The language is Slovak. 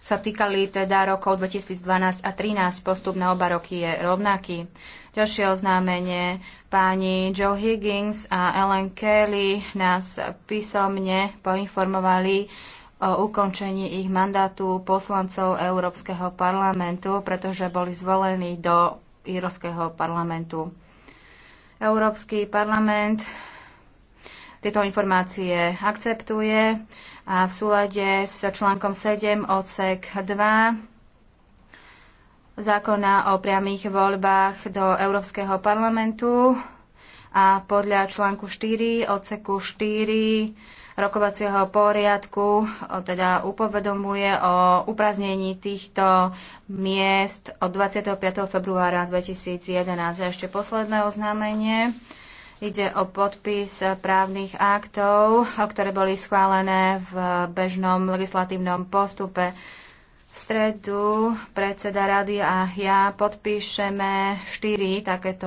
sa týkali teda rokov 2012 a 2013. Postup na oba roky je rovnaký. Ďalšie oznámenie. Páni Joe Higgins a Ellen Kelly nás písomne poinformovali o ukončení ich mandátu poslancov Európskeho parlamentu, pretože boli zvolení do Írskeho parlamentu. Európsky parlament tieto informácie akceptuje a v súlade s článkom 7 odsek 2 zákona o priamých voľbách do Európskeho parlamentu a podľa článku 4 odseku 4 rokovacieho poriadku teda upovedomuje o upraznení týchto miest od 25. februára 2011. A ešte posledné oznámenie. Ide o podpis právnych aktov, ktoré boli schválené v bežnom legislatívnom postupe. V stredu predseda rady a ja podpíšeme štyri takéto